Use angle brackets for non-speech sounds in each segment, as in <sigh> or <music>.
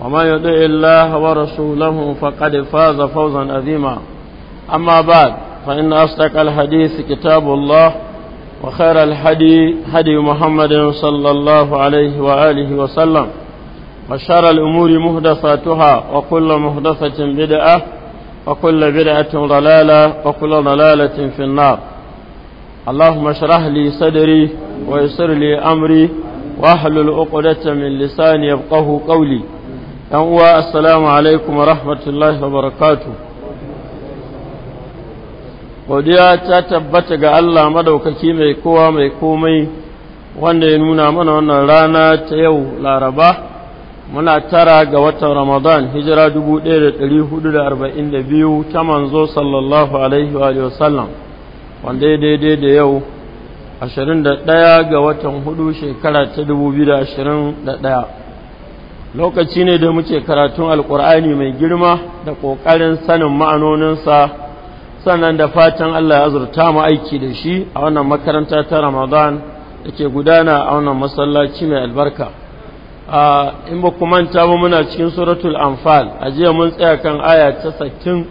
وما يطع الله ورسوله فقد فاز فوزا عظيما أما بعد فإن أصدق الحديث كتاب الله وخير الهدي هدي محمد صلى الله عليه وآله وسلم وشر الأمور مهدفاتها وكل مهدفة بدعة وكل بدعة ضلالة وكل ضلالة في النار اللهم اشرح لي صدري ويسر لي أمري واحلل عقدة من لساني يفقه قولي yan uwa assalamu alaikum wa rahmatullahi wa barakatu godiya ta tabbata ga Allah madaukaki mai kowa mai komai wanda ya nuna mana wannan rana ta yau laraba muna tara ga watan ramadan hijira 1442 ta manzo sallallahu alaihi wa sallam wanda ya daidai da yau 21 ga watan hudu shekara ta 2021 lokaci ne da muke karatun alkur'ani mai girma da ƙoƙarin sanin ma'anoninsa sannan da fatan Allah ya azurta mu aiki da shi a wannan makaranta ta Ramadan da ke gudana a wannan masallaci mai albarka in ba ku manta ba muna cikin suratul anfal a jiya mun tsaya kan aya ta 60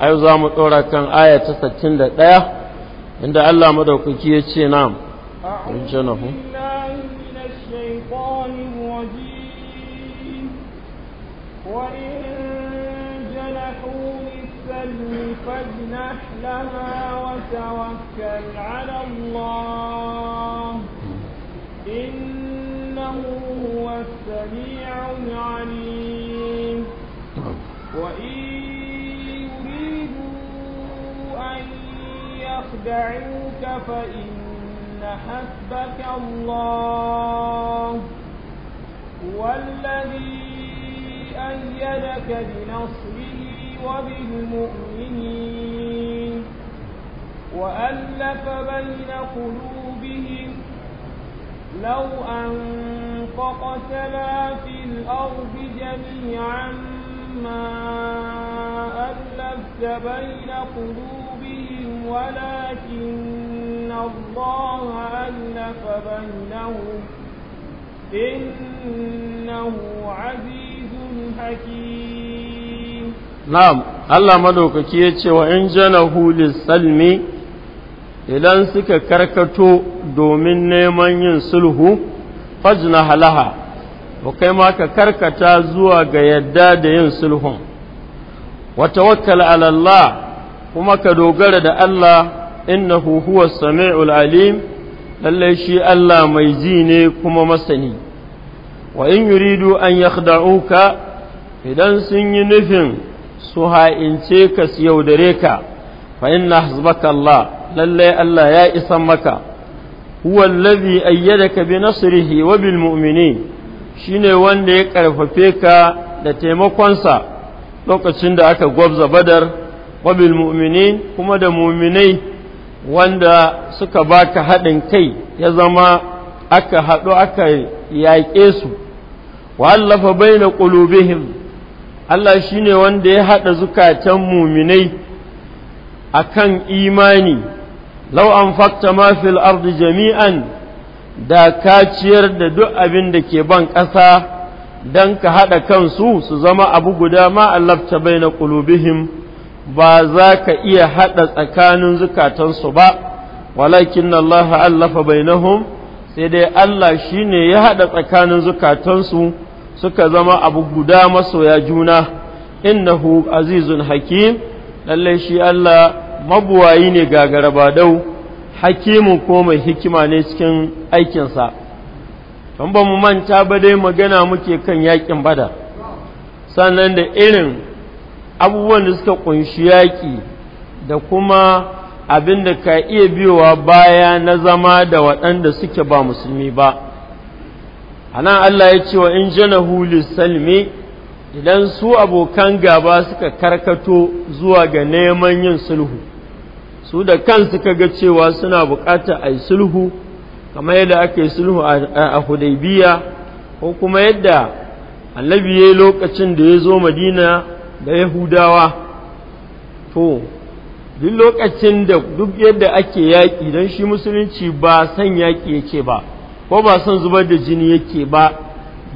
a yau za mu ɗora kan aya ta ɗaya inda Allah madaukaki ya ce na'am وإن جنحوا للسلم فاجنح لها وتوكل على الله إنه هو السميع العليم وإن يريدوا أن يخدعوك فإن حسبك الله والذي أيدك بنصره وبالمؤمنين وألف بين قلوبهم لو أنفقت ما في الأرض جميعا ما ألفت بين قلوبهم ولكن الله ألف بينهم إنه عزيز حكيم نعم الله مدوكك يتي janar جنه salmi idan suka karkato domin neman yin sulhu fajna halaha ba kai ma ka karkata zuwa ga yadda da yin sulhun wata wakala alallah kuma ka dogara da Allah innahu huwa sami'ul alim lallai shi Allah mai ji ne kuma masani wa in yuridu an yakhda'uka idan sun yi nufin su ha'ince ka su yaudare ka fa inna hasbaka Allah lallai Allah ya isan maka huwa allazi ayyadaka bi nasrihi wa bil shine wanda ya karfafe ka da taimakonsa lokacin da aka gwabza badar wa bil kuma da mu'minai wanda suka baka haɗin kai ya zama aka haɗu aka yaƙe su wa allafa baina qulubihim Allah shi ne wanda ya haɗa zukatan muminai a kan imani, lau an fakta mafil jami'an da ka ciyar da duk abin da ke ban ƙasa don ka haɗa kansu su zama abu guda ma allafta bai na ƙulubihim ba za ka iya haɗa tsakanin zukatansu ba, walakin na Allah allafa bainahum sai dai Allah shi ne ya haɗa tsakanin zukatansu. suka zama abu guda masoya juna innahu azizun hakim lallai shi Allah mabuwayi ne ga ba dau ko mai hikima ne cikin aikinsa don ba mu manta ba dai magana muke kan yakin bada sannan da irin abubuwan da suka kunshi yaƙi da kuma abin da ka iya biyowa baya na zama da waɗanda suke ba musulmi ba anan Allah ya ce wa in janahu lissalmi idan su abokan gaba suka karkato zuwa ga neman yin sulhu su da kansu ga cewa suna bukata a yi sulhu kamar yadda aka yi sulhu a hudaybiya ko kuma yadda annabi ya yi lokacin da ya zo madina da yahudawa to duk lokacin da duk yadda ake yaƙi don shi musulunci ba san yaƙi yake ba ko ba son zubar da jini yake ba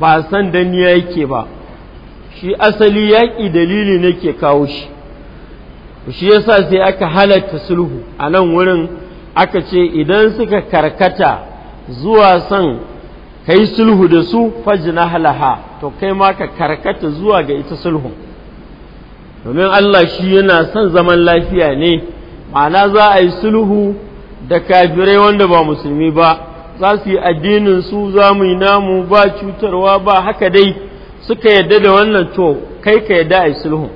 ba son danniya yake ba shi asali yaƙi dalili ne ke kawo shi shi yasa sai aka halatta sulhu a nan wurin aka ce idan suka karkata zuwa son kai sulhu da su fajina halaha to kai ma ka karkata zuwa ga ita sulhu domin Allah shi yana son zaman lafiya ne ma'ana za a yi sulhu da kafirai wanda ba musulmi ba za su yi addinin su za mu yi namu ba cutarwa ba haka dai suka yadda da wannan to kai ka yadda a sulhu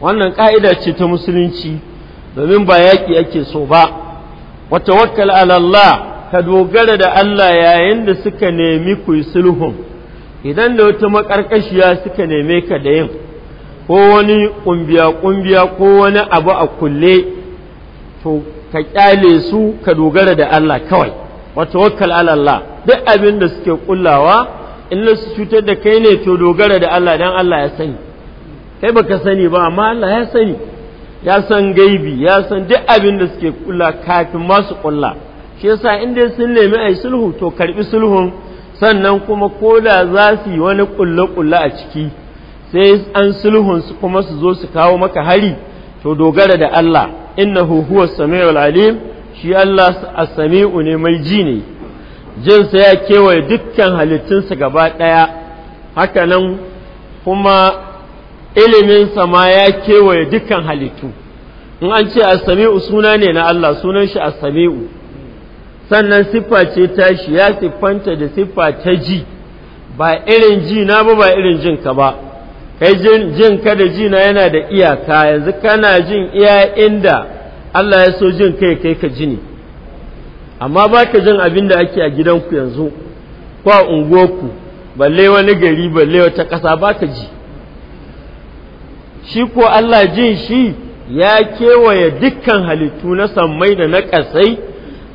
wannan ka'ida ce ta musulunci domin ba yaƙi ake so ba wata tawakkal ala ka dogara da Allah yayin da suka nemi ku yi sulhun idan da wata makarkashiya suka neme ka da yin ko wani ƙumbiya ƙumbiya ko wani abu a kulle to ka ƙyale su ka dogara da Allah kawai wata tawakkal ala duk abin da suke kullawa in su cutar da kai ne to dogara da Allah dan Allah ya sani kai baka sani ba amma Allah ya sani ya san gaibi ya san duk abin da suke kulla kafin ma su kulla shi yasa in dai sun nemi ai sulhu to karbi sulhun sannan kuma ko da za su yi wani kulle-kulle a ciki sai an sulhun su kuma su zo su kawo maka hari to dogara da Allah innahu huwa samiul alim shi Allah as-sami'u ne mai ji ne jinsa ya kewaye dukkan halittunsa gaba ɗaya hakanan kuma iliminsa ma ya kewaye dukkan halittu in an ce as-sami'u suna ne na Allah sunan shi as-sami'u sannan siffa ce shi ya siffanta da siffa ta ji ba irin ji na ba ba irin jinka ba kai jin ka da ji yana da iyaka yanzu kana jin iya inda Allah ya so jin kai kai ka jini amma ba ka jin abin da ake a gidanku yanzu ko a unguwarku balle wani gari balle wata ƙasa ba ka ji shi ko Allah jin shi ya kewaye dukkan halittu na sammai da na ƙasai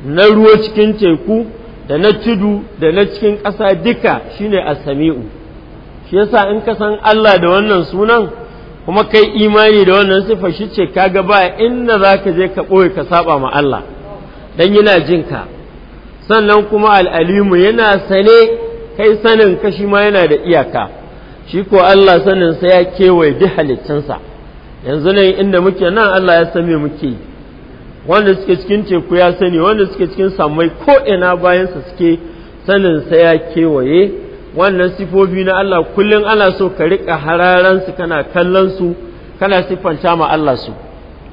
na ruwa cikin teku da na tudu da na cikin ƙasa duka shine a sami'u shi yasa in ka san Allah da wannan sunan kuma kai imani da wannan sifa shi ce kaga ba inda za ka je ka ɓoye ka saba ma Allah don yana jin ka sannan kuma al'alimu yana sane kai sanin ka shi ma yana da iyaka shi ko Allah sanin sa ya kewaye duk halittunsa yanzu nan inda muke nan Allah ya san muke wanda suke cikin teku ya sani wanda suke cikin sammai ko'ina ina bayansa suke sanin sa ya kewaye wannan sifofi na Allah kullum ana so ka riƙa hararansu kana kallon su kana siffanta ma Allah su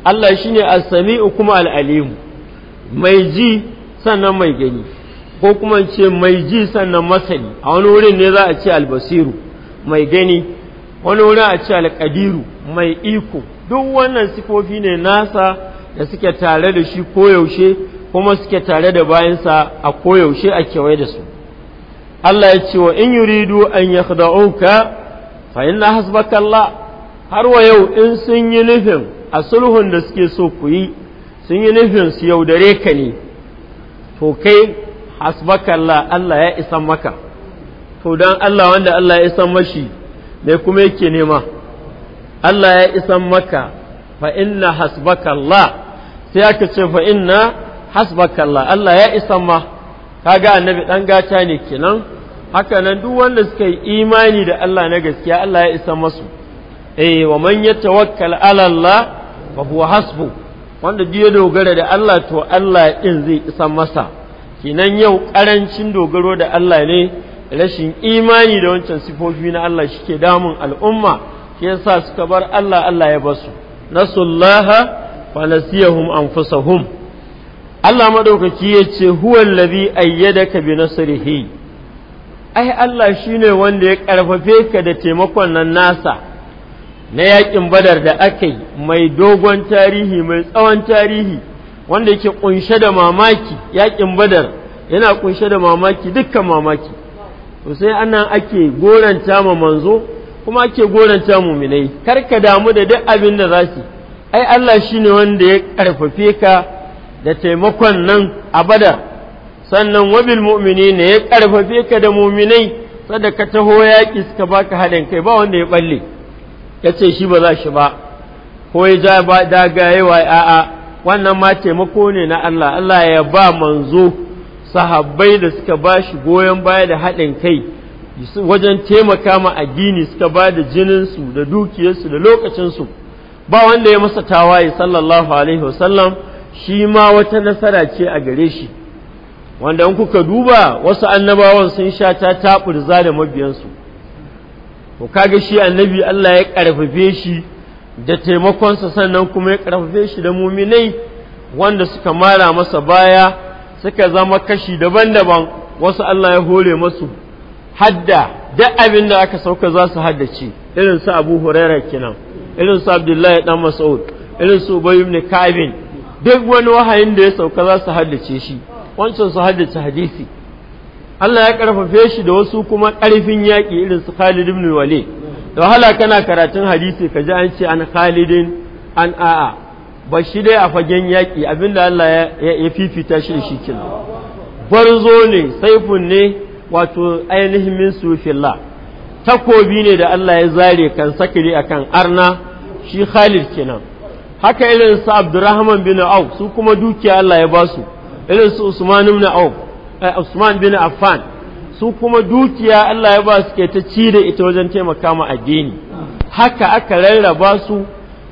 Allah shine as-sami'u kuma al-alimu mai ji sannan mai gani ko kuma ce mai ji sannan masani a wani wurin ne za a ce albasiru mai gani wani wurin a ce alƙadiru mai iko duk wannan sifofi ne nasa da suke tare da shi koyaushe kuma suke tare da bayansa a koyaushe a kewaye da su Allah ya ce wa in yuridu an yakhda'uka fa inna hasbaka Allah har wa yau in sun yi nufin a sulhun da suke so ku yi sun yi nufin su yaudare ka ne to kai hasbaka Allah Allah ya isan maka to dan Allah wanda Allah ya isan mashi me kuma yake nema Allah ya isan maka fa inna hasbaka Allah sai aka ce fa inna hasbaka Allah Allah ya isan ma kaga annabi ɗan gata ne kenan haka nan duk wanda suka yi imani da Allah na gaskiya Allah ya isa masu eh wa man yatawakkal ala Allah fa huwa hasbu wanda duk ya dogara da Allah to Allah din zai isa masa Kenan yau karancin dogaro da Allah ne rashin imani da wancan sifofi na Allah shike damun al'umma shi yasa suka bar Allah Allah ya basu nasullaha fa nasiyahum anfusahum Allah madaukaki ya ce huwal ladhi ayyadaka bi nasrihi ai Allah shine wanda ya karfafe ka da taimakon nan nasa na yakin badar da aka yi mai dogon tarihi mai tsawon tarihi wanda yake kunshe da mamaki yakin badar yana kunshe da mamaki dukkan mamaki to sai anan ake goranta ma manzo kuma ake goranta muminai kar ka damu da duk abin da za su ai Allah shine wanda ya karfafe ka da taimakon nan a badar sannan wabil mu'mini ne ya ƙarfafe ka da muminai sada ka taho yaƙi suka baka haɗin kai ba wanda ya balle ya ce shi ba za shi ba ko ya ja ba yawa a'a wannan ma taimako ne na Allah Allah ya ba manzo sahabbai da suka ba shi goyon baya da haɗin kai wajen taimaka ma addini suka ba da jininsu da dukiyarsu da lokacinsu ba wanda ya masa tawaye sallallahu alaihi wasallam shi ma wata nasara ce a gare shi wanda in kuka duba wasu annabawan sun sha ta taɓurza da mabiyansu to kaga shi annabi Allah ya ƙarfafe shi da taimakonsa sannan kuma ya ƙarfafe shi da muminai wanda suka mara masa baya suka zama kashi daban-daban wasu Allah ya hore masu hadda duk abin da aka sauka za su haddace irin su Abu Hurairah kenan irin su Abdullahi dan Mas'ud irin su Ubay ibn duk wani wahayin da ya sauka za su haddace shi wancan su haddace hadisi Allah ya karfafe shi da wasu kuma karfin yaƙi irin su Khalid ibn Walid da wahala kana karatun hadisi ka ji an ce an Khalidin an a'a ba shi dai a fagen yaƙi abinda Allah ya fifita shi da shi kenan barzo ne saifun ne wato ainihin min sufillah takobi ne da Allah ya zare kan sakiri akan arna shi Khalid kenan haka irin su abdurrahman bin auf su kuma dukiya Allah ya ba su irin su usman bin auf eh, usman bin affan su kuma dukiya Allah ya ba su ke ta ci da ita wajen taimaka ma addini haka aka rarraba su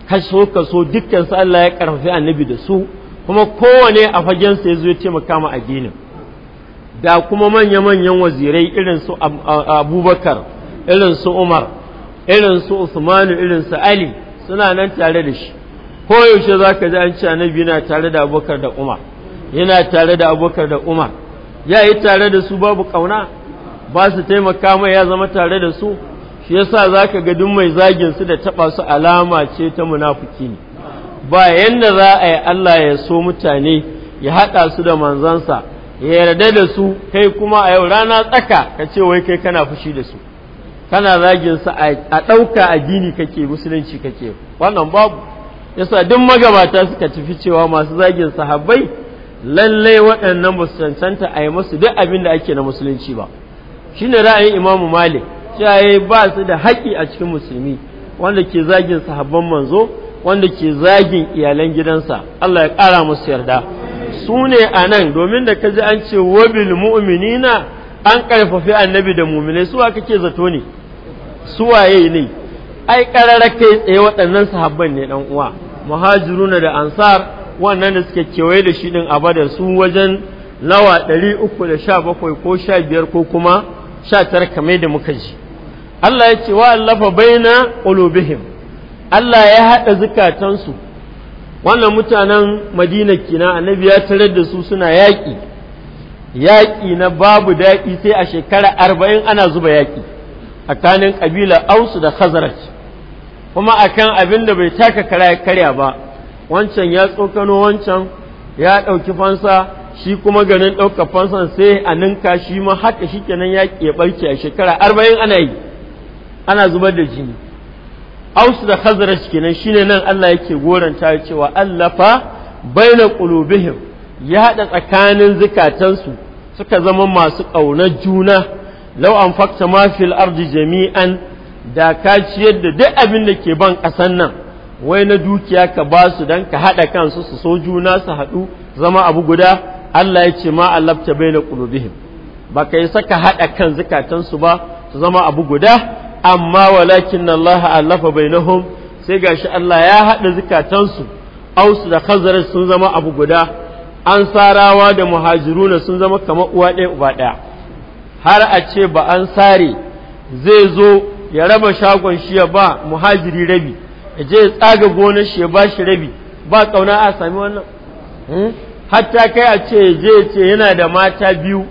kaso kaso dukkan su Allah ya karfafi annabi da su kuma kowane a fagen sa yazo ya taimaka ma addinin da kuma manya manyan wazirai irin su Abubakar irin su Umar irin su Usman irin su Ali suna nan tare da shi ko yaushe za ka ji an ce annabi yana tare da abokar da umar yana tare da abokar da umar ya yi tare da su babu kauna ba su taimaka mai ya zama tare da su shi yasa za ka ga duk mai zagin su da taɓa su alama ce ta munafuki ne ba yadda za a yi Allah ya so mutane ya haɗa su da manzansa ya yarda da su kai kuma a yau rana tsaka ka ce wai kai kana fushi da su kana zagin a ɗauka a gini kake musulunci kake wannan babu yasa duk magabata suka tafi cewa masu zagin sahabbai lallai waɗannan ba su cancanta a yi musu duk abin da ake na musulunci ba shi ne ra'ayin imamu malik cewa ya ba su da haƙƙi a cikin musulmi wanda ke zagin sahabban manzo wanda ke zagin iyalan gidansa Allah ya ƙara musu yarda su ne a nan domin da ka ji an ce wabil mu'minina an ƙarfafi annabi da muminai suwa kake zato ne suwaye ne ai kai tsaye waɗannan sahabban ne ɗan uwa muhajiruna da ansar wannan da suke kewaye da shi din a su wajen lawa 317 ko 15 ko kuma 19 kamar da muka ji Allah ya ce wa allafa baina qulubihim Allah ya hada zukatansu wannan mutanen Madina kina annabi ya tarar da su suna yaƙi yaƙi na babu daƙi sai a shekara arba'in ana zuba yaƙi a kanin ƙabilar ausu da Khazraj kuma akan abin da bai taka kara karya ba wancan ya tsokano wancan ya ɗauki fansa shi kuma ganin ɗauka fansan sai a ninka shi ma haka shi kenan ya barke a shekara arba'in ana yi ana zubar da jini aus da khazraj kenan shi ne nan Allah yake goranta cewa allafa baina qulubihim ya haɗa tsakanin zikatansu suka zama masu ƙaunar juna lau an fakta ma fil jami'an da ka ciyar da duk abin da ke ban ƙasan nan wai na dukiya ka ba su don ka haɗa kansu su so juna su haɗu zama abu guda Allah ya ce ma allabta bai na ƙulubihim ba ka yi saka haɗa kan zikatansu ba su zama abu guda amma walakin Allah allafa bainahum sai gashi Allah ya haɗa zukatansu ausu da khazaraj sun zama abu guda an sarawa da muhajiruna sun zama kamar uwa ɗaya uba ɗaya har a ce ba an sare zai zo ya raba shagon shi ya ba muhajiri rabi ya je ya tsaga gonar shi ya ba shi rabi ba kauna a sami wannan hmm? hatta kai a ce ya je ce yana da mata biyu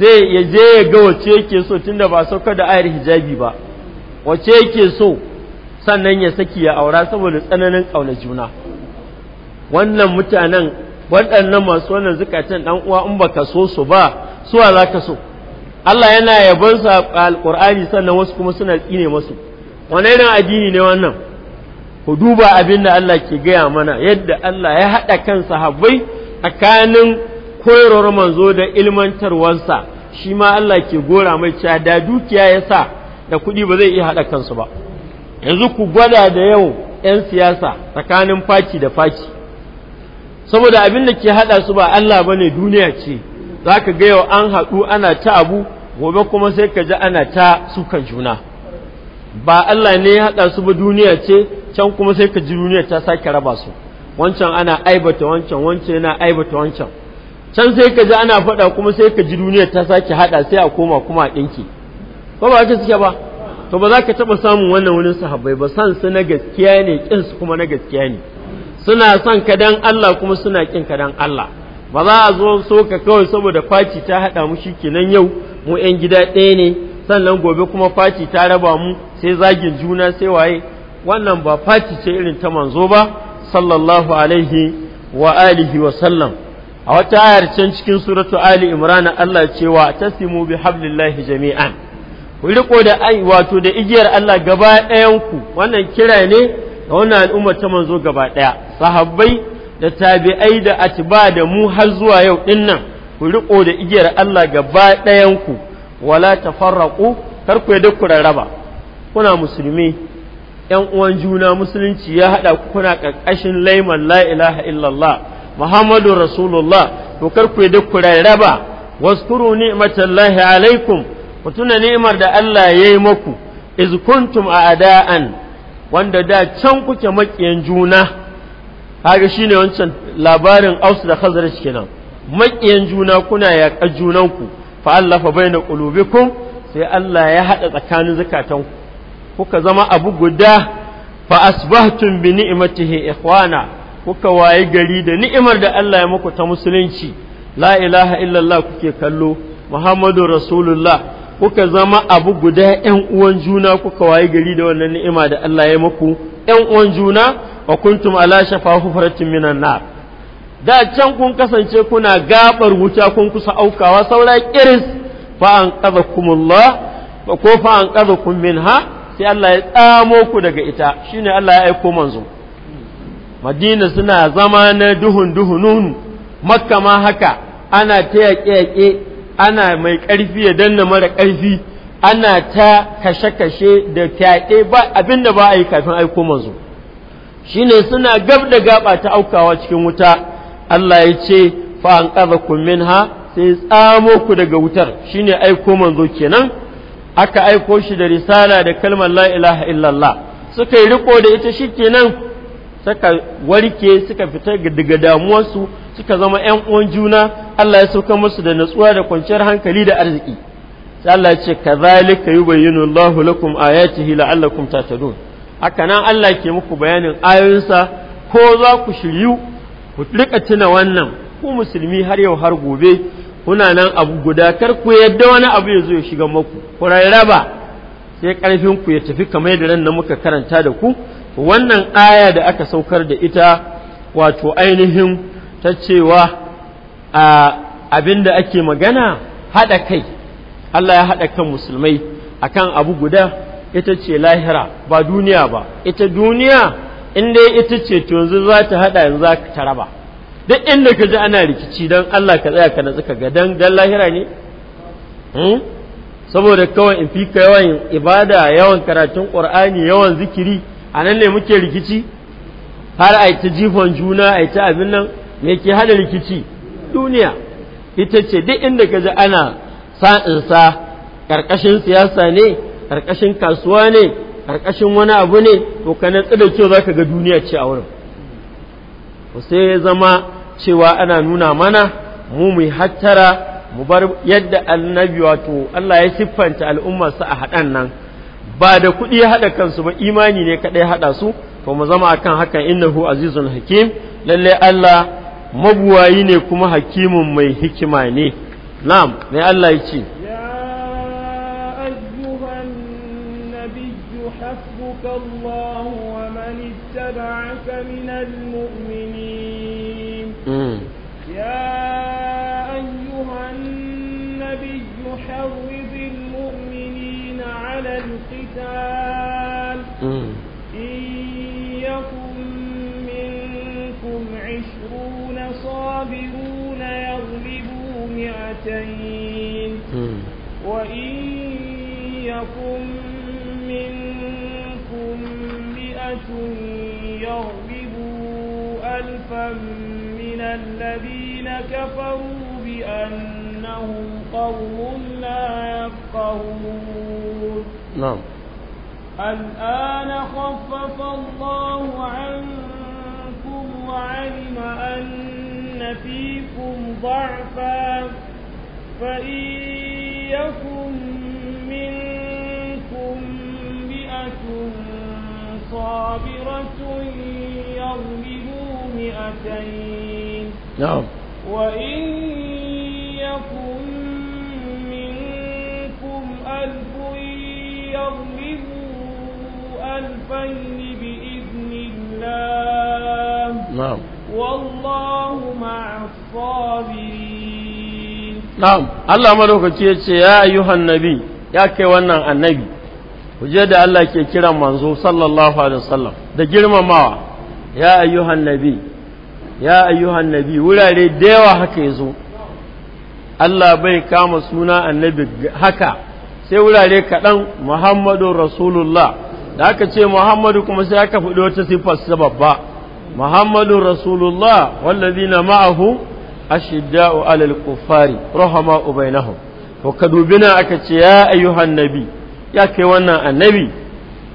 zai ya je ya ga wace yake so tunda ba sauka da ayar hijabi ba wace yake so sannan ya saki ya aura saboda tsananin kauna juna wannan mutanen waɗannan masu wannan zukatan ɗan uwa in baka so su ba suwa za ka so Allah yana yabonsa a alƙur'ani sannan wasu kuma suna tsine masu wani yana addini ne wannan ku duba abin da Allah ke gaya mana yadda Allah ya haɗa kan sahabbai tsakanin koyarwar manzo da ilmantarwarsa shi ma Allah ke gora mai cada da dukiya ya sa da kuɗi ba zai iya haɗa kansu ba yanzu ku gwada da yau 'yan siyasa tsakanin faci da faci saboda abin da ke haɗa su ba Allah ba ne duniya ce za ka ga yau an haɗu ana ta abu gobe kuma sai ka ji ana ta sukan juna ba Allah ne ya haɗa su ba duniya ce can kuma sai ka ji duniya ta sake raba su wancan ana aibata wancan wancan yana aibata wancan can sai ka ji ana faɗa kuma sai ka ji duniya ta sake haɗa sai a koma kuma a ɗinki ba ba suke ba to ba za ka taɓa samun wannan wurin sahabbai ba san su na gaskiya ne ƙin su kuma na gaskiya ne suna son ka dan Allah kuma suna ƙin ka dan Allah ba za a zo so ka kawai saboda kwaci ta haɗa mu shi kenan yau mu 'yan gida ɗaya ne sannan gobe kuma fati ta raba mu sai zagin juna sai waye wannan ba fati ce irin ta manzo ba sallallahu alaihi wa alihi wa sallam a wata ayar can cikin suratu ali imran Allah cewa tasimu bi hablillahi jami'an ku riko da ai wato da igiyar Allah gaba ɗayan ku wannan kira ne ga wannan al'umma ta manzo gaba ɗaya sahabbai da tabi'ai da atba da mu har zuwa yau ɗin nan. ku riko da igiyar Allah gaba ɗayan ku wala tafarraqu kar ku ya ku raba. kuna musulmi ƴan uwan juna musulunci ya haɗa ku kuna ƙarƙashin laiman la ilaha illallah muhammadu rasulullah to kar ku yadda ku rarraba waskuru ni'matallahi alaikum ku tuna da Allah ya yi maku. iz kuntum a'da'an wanda da can kuke maƙiyan juna kaga shine wancan labarin Aus da Khazraj kenan maƙiyan juna kuna yaƙar junanku fa Allah fa bai na ƙulubikun sai Allah ya haɗa tsakanin zukatanku kuka zama abu guda fa asbahtum bi ni'matihi ikhwana kuka wayi gari da ni'imar da Allah ya muku ta musulunci la ilaha illallah kuke kallo Muhammadu Rasulullah kuka zama abu guda ‘yan uwan juna kuka wayi gari da wannan ni'ima da Allah ya muku ‘yan uwan juna wa kuntum ala shafa hufaratin minan nar da can kun kasance kuna gabar wuta kun kusa aukawa saura kiris fa an ba ko fa an min minha sai Allah ya tsamo ku daga ita shine Allah ya aiko manzo Madina suna zama na duhun duhunun Makka ma haka ana ta yaƙe ana mai ƙarfi ya danna mara ƙarfi ana ta kashe-kashe da fyaɗe ba abin ba a yi kafin aiko manzo shine suna gab da gaba ta aukawa cikin wuta Allah ya ce fa an qadha kum minha sai tsamo ku daga wutar shine aiko manzo kenan aka aiko shi da risala da kalmar la ilaha illallah suka yi riko da ita kenan suka warke suka fita daga damuwarsu suka zama ‘yan uwan juna Allah ya sauka musu da natsuwa da kwanciyar hankali da arziki sai Allah ya ce ka zalika yi bayyana Allah lakum ayatihi la'allakum tatadun haka nan Allah ke muku bayanin ayoyinsa ko za ku shiryu ku rika tuna wannan ku musulmi har yau har gobe kuna nan abu guda kar ku yadda wani abu ya zo ya shiga maku ku rarraba sai karfin ku ya tafi kamar yadda ran muka karanta da ku wannan aya da aka saukar da ita wato ainihin ta cewa a abin da ake magana haɗa kai Allah ya haɗa kan musulmai akan abu guda ita ce lahira ba duniya ba ita duniya in dai ita ce to yanzu za ta haɗa yanzu za ta raba duk inda ka ji ana rikici don Allah ka tsaya ka natsu ka ga dan dan lahira ne hmm? saboda kawai in fi ka yawan ibada yawan karatun qur'ani yawan zikiri a nan ne muke rikici har a ta jifon juna a ta abin nan me ke hada rikici duniya ita ce duk inda ka ji ana sa'insa ƙarƙashin siyasa ne ƙarƙashin kasuwa ne ƙarƙashin wani abu ne to ka natsu da kyau za ka ga duniya ce a wurin sai ya zama cewa ana nuna mana mu mu hattara mu bar yadda annabi wato Allah ya siffanta su a haɗan nan ba da kuɗi ya haɗa kansu ba imani ne kaɗai haɗa su to mu zama akan hakan innahu azizun hakim lalle Allah mabuwayi ne kuma hakimin mai hikima ne na'am ne Allah ya ce وإن يكن منكم مئة يغلبوا ألفا من الذين كفروا بأنهم قوم لا يفقهون نعم الآن خفف الله عنكم وعلم أن فيكم ضعفا فإن يكن منكم مئة صابرة يغلبوا مئتين نعم وإن يكن منكم ألف يغلبوا ألفين بإذن الله نعم والله مع الصابرين na'am Allah madaukaki ya ce ya ayyuhan nabi ya kai wannan annabi kuje da Allah ke kiran manzo sallallahu alaihi wasallam da girmamawa ya ayyuhan nabi ya ayyuhan nabi wurare da yawa haka yazo Allah bai kama suna annabi haka sai wurare kaɗan Muhammadu Rasulullah da aka ce Muhammadu kuma sai aka faɗi wata siffar babba Muhammadu Rasulullah na ma'ahu ashidda'u alal kufari rahama'u bainahum to ka dubi nan aka ce ya ayyuhan nabi ya kai wannan annabi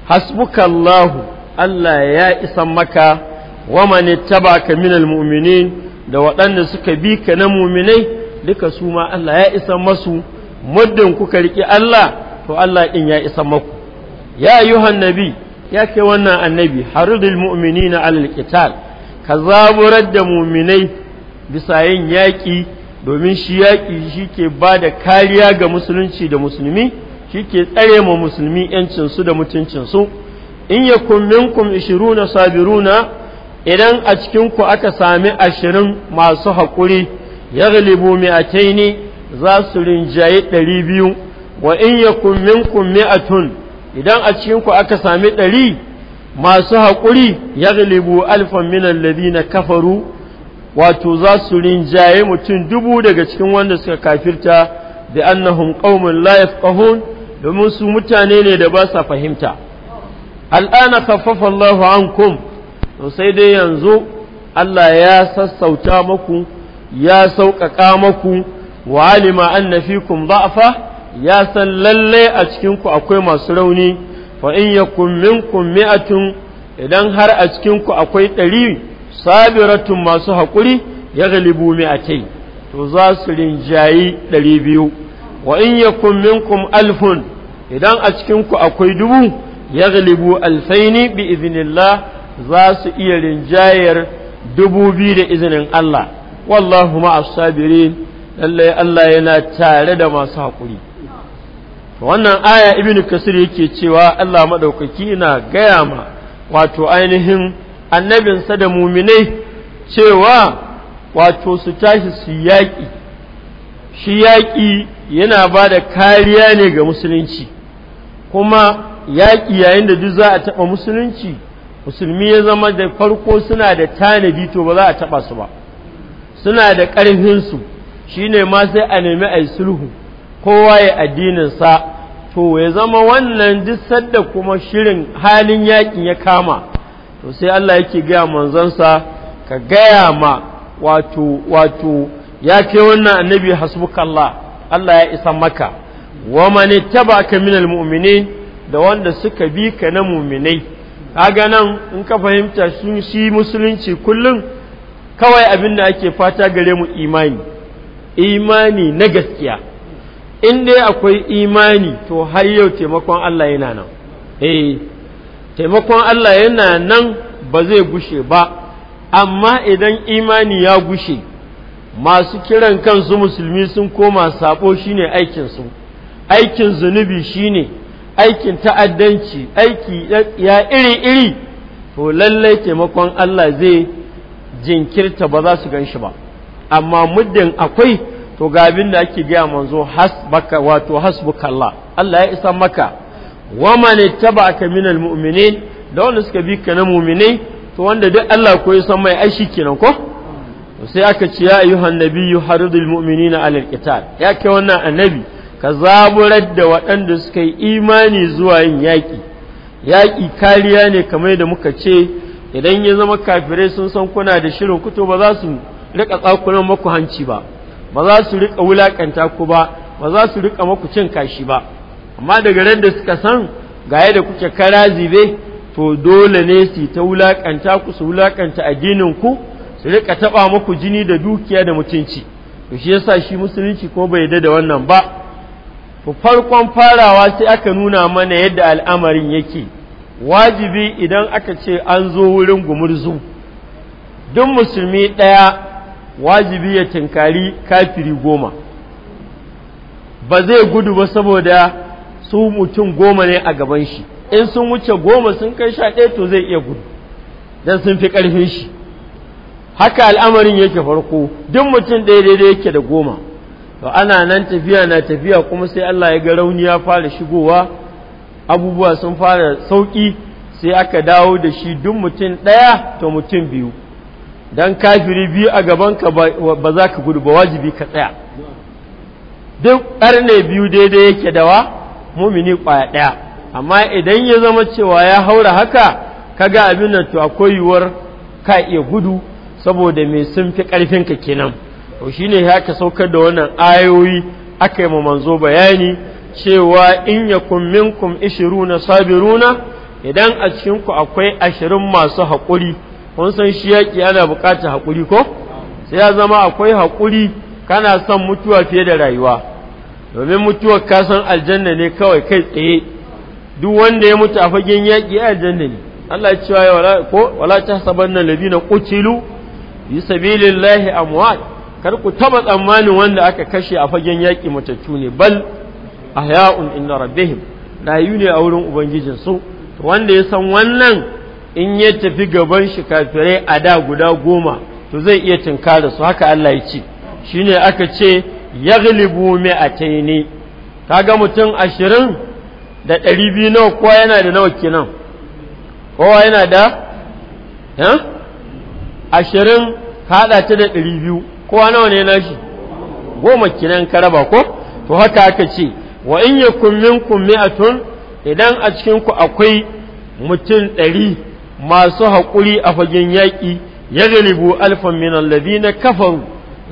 hasbukallahu Allah ya isan maka wa man ittaba'aka minal mu'minin da waɗanda suka bi ka na mu'minai duka su ma Allah ya isan masu muddin kuka riki Allah to Allah din ya isan maku ya ayyuhan nabi ya kai wannan annabi haridul mu'minina alal qital ka zaburar da mu'minai bisa yin yaƙi domin shi yaƙi shi ke ba da kariya ga musulunci da musulmi shi ke tsare ma musulmi ‘yancinsu da mutuncinsu in ya minkum sabiru sabiruna idan a cikinku aka sami ashirin masu haƙuri ya galibu ne za su rinjaye ɗari biyu wa in ya minkum mi'atun idan a cikinku aka sami ɗari masu haƙuri ya galibu alfan minan kafaru wato za su rinjaye mutum dubu daga cikin wanda suka kafirta da annahum qaumun la yafqahun domin su mutane ne da ba sa fahimta al'ana khaffafa Allahu ankum to sai dai yanzu Allah ya sassauta muku ya sauƙaƙa muku wa alima anna fikum da'fa ya san lalle a cikin ku akwai masu rauni fa in yakum minkum mi'atun idan har a cikin ku akwai ɗari sabiratun masu haƙuri ya galibu mai a to za su rinjayi ɗari biyu wa in yakun minkum alfun idan a cikinku akwai dubu ya galibu alfaini bi izinillah za su iya rinjayar dubu biyu da izinin Allah wallahu ma sabirin lallai Allah yana tare da masu haƙuri wannan aya ibn kasir yake cewa Allah maɗaukaki na gaya ma wato ainihin annabinsa da muminai cewa wato su tashi su yaƙi shi yaƙi yana ba da kariya ne ga musulunci kuma yaƙi yayin da duk za a taɓa musulunci musulmi ya zama da farko suna da tanadi to ba za a taɓa su ba suna da ƙarfinsu shi ne ma sai a nemi a yi sulhu kowa ya addininsa to ya zama wannan duk sadda kuma shirin halin yaƙin ya kama to sai Allah yake gaya manzansa ka gaya ma wato wato ya ce wannan annabi hasbukallah Allah ya isa maka wa man ittaba'aka minal mu'minin da wanda suka bi ka na mu'minai kaga nan in ka fahimta sun shi musulunci kullum kawai abin da ake fata gare mu imani imani na gaskiya in dai akwai imani to har yau taimakon Allah yana nan eh taimakon Allah yana nan ba zai gushe ba amma idan imani ya gushe masu kiran kansu musulmi sun koma sabo shine aikinsu aikin zunubi shine aikin ta'addanci aiki ya iri-iri to lallai taimakon Allah zai jinkirta ba za su gan shi ba amma muddin akwai to ga abin da ake gaya manzo hasbaka wato hasbukallah Allah ya isa maka wama wa man ittaba'aka minal mu'minin da wanda suka bi ka na mu'minai to wanda duk Allah ko san mai shi kenan ko sai aka ce ya ayyuhan nabiyyu haridul mu'minina alal qital ya kai wannan annabi ka zaburar da waɗanda suka yi imani zuwa yin yaƙi yaƙi kariya ne kamar da muka ce idan ya zama kafirai sun san kuna da shirin kuto ba za su rika tsakunan maku hanci ba ba za su rika wulakanta ku ba ba za su rika maku cin kashi ba amma daga ran da suka san ga yadda kuke kara zibe to dole ne su ta wulakanta ku su wulakanta addinin ku su rika taba muku jini da dukiya da mutunci to shi yasa shi musulunci ko bai yarda da wannan ba to farkon farawa sai aka nuna mana yadda al'amarin yake wajibi idan aka ce an zo wurin gumurzu duk musulmi ɗaya wajibi ya tinkari kafiri goma ba zai gudu ba saboda su mutum goma ne a gaban shi in sun wuce goma sun kai sha ɗaya to zai iya gudu don sun fi ƙarfin shi haka al'amarin yake farko duk mutum ɗaya daidai yake da goma to ana nan tafiya na tafiya kuma sai Allah ya ga rauni ya fara shigowa abubuwa sun fara sauƙi sai aka dawo da shi duk mutum ɗaya to mutum biyu don kafiri biyu a gabanka ba za ka gudu ba wajibi ka tsaya duk ƙarne biyu daidai yake dawa mumini kwaya ɗaya amma idan ya zama cewa ya haura haka kaga abin nan to akwai ka iya gudu saboda mai sun fi ka kenan to shine ya ka saukar da wannan ayoyi aka yi ma manzo bayani cewa in yakun minkum ishiruna sabiruna idan a cikinku akwai ashirin masu haƙuri kun san shi yaƙi ana buƙatar haƙuri ko sai ya zama akwai haƙuri kana son mutuwa fiye da rayuwa domin mutuwar kasan aljanna ne kawai kai tsaye duk wanda ya mutu a fagen yaƙi aljanna ne Allah cewa ya ko wala ta sabanna ladina qutilu fi sabilillahi amwat kar ku taba tsammanin wanda aka kashe a fagen yaƙi matattu ne bal ahya'un inda rabbihim rayu ne a wurin ubangijin su wanda ya san wannan in ya tafi gaban shi kafirai a da guda goma to zai iya tinka da su haka Allah ya ce shine aka ce ya gilibu mi'atai ka ga mutum ashirin da ɗari biyu nawa kowa yana da nawa kenan kowa yana da ashirin haɗa ta da ɗari biyu kowa nawa ne shi goma kenan ka raba ko to haka aka ce wa in kummin kummi a tun idan a cikin ku akwai mutum ɗari masu haƙuri a fagen yaƙi ya galibu alfan min alladhina kafaru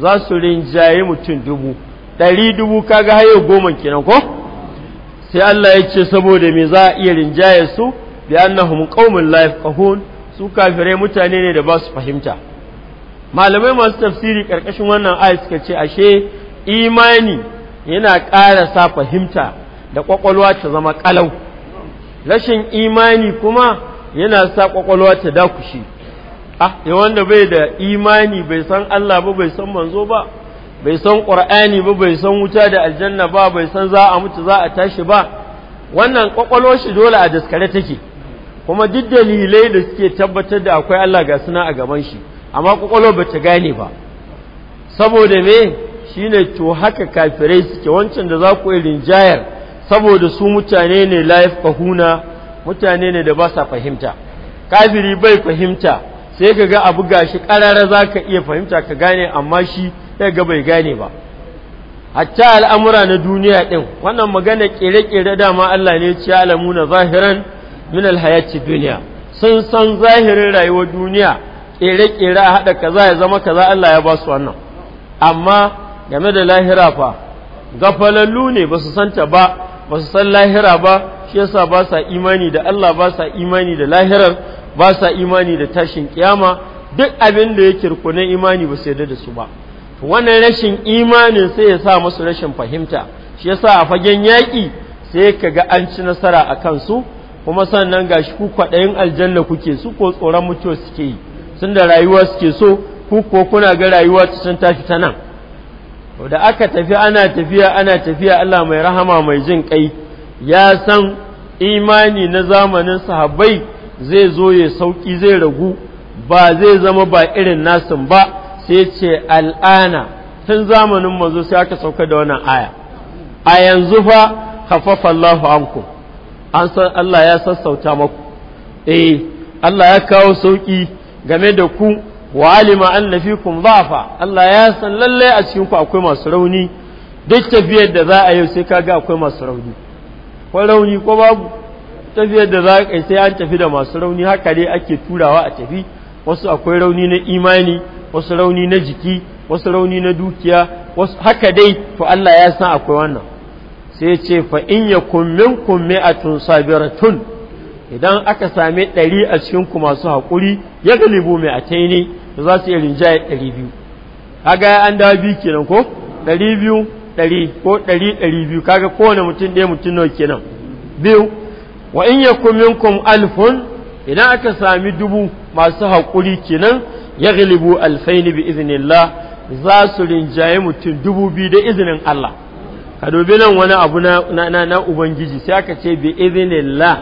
za su rinjaye mutum dubu ɗari dubu kaga hayo goma kenan ko sai Allah ya ce saboda me za a iya rinjaye su bi annahum qaumun la yafqahun su kafirai mutane ne da ba su fahimta malamai masu tafsiri ƙarƙashin wannan ayi suka ce ashe imani yana ƙara sa fahimta da ƙwaƙwalwa ta zama kalau rashin imani kuma yana sa ƙwaƙwalwa ta dakushi ah ya wanda bai da imani bai san Allah ba bai san manzo ba bai san ƙur'ani ba bai san wuta da aljanna ba bai san za a mutu za a tashi ba wannan kwakwalo shi dole a daskare take kuma duk dalilai da suke tabbatar da akwai Allah ga suna a gaban shi amma kwakwalo ba ta gane ba saboda me shine to haka kafirai suke wancan da za ku yi rinjayar saboda su mutane ne life kahuna mutane ne da ba sa fahimta kafiri bai fahimta sai ka ga abu shi ƙarara za ka iya fahimta ka gane amma shi ya ga bai gane ba hatta al'amura na duniya ɗin wannan magana ƙere-ƙere dama Allah ne ci alamu na zahiran min alhayaci duniya sun san zahirin rayuwar duniya ƙere-ƙere a haɗa kaza ya zama kaza Allah ya ba su wannan amma game da lahira fa gafalallu ne ba su santa ba ba su san lahira ba shi yasa ba sa imani da Allah ba sa imani da lahirar ba sa imani da tashin kiyama duk abin da yake rukunin imani ba su da su ba wannan rashin imanin sai ya sa masu rashin fahimta shi ya sa a fagen yaƙi sai ka ga an ci nasara a kansu kuma sannan gashi shi kwaɗayin aljanna kuke su ko tsoron mutuwa suke yi sun da rayuwa suke so kuka ko kuna ga rayuwa ta sun tafi ta nan da aka tafi ana tafiya ana tafiya Allah mai rahama mai jin kai ya san imani na zamanin sahabbai zai zo ya sauƙi zai ragu ba zai zama ba irin nasin ba sai ce al'ana tun zamanin mazo sai aka sauka da wannan aya a yanzu fa hafafa Allahu anku an san Allah ya sassauta maku eh Allah ya kawo sauki game da ku wa alima anna fikum dhafa Allah ya san lalle a cikin ku akwai masu rauni duk tafiyar da za a yau sai kaga akwai masu rauni ko rauni ko babu tafiyar da za ka sai an tafi da masu rauni haka dai ake turawa a tafi wasu akwai rauni na imani wasu rauni na jiki wasu rauni na dukiya wasu haka dai to Allah ya san akwai wannan sai ce fa in kumme minkum mi'atun sabiratun idan aka same ɗari a cikin ku masu haƙuri ya galibu mai ataini da za su iya rinjaye ɗari biyu kaga an da biyu kenan ko ɗari biyu ɗari ko ɗari ɗari biyu kaga kowane mutum ɗaya mutum nawa kenan biyu wa in yakum minkum alfun idan aka sami dubu masu haƙuri kenan ya galibu alfaini bi iznillah za su rinjaye mutum dubu biyu da izinin Allah ka dubi nan wani abu na na ubangiji sai aka ce bi iznillah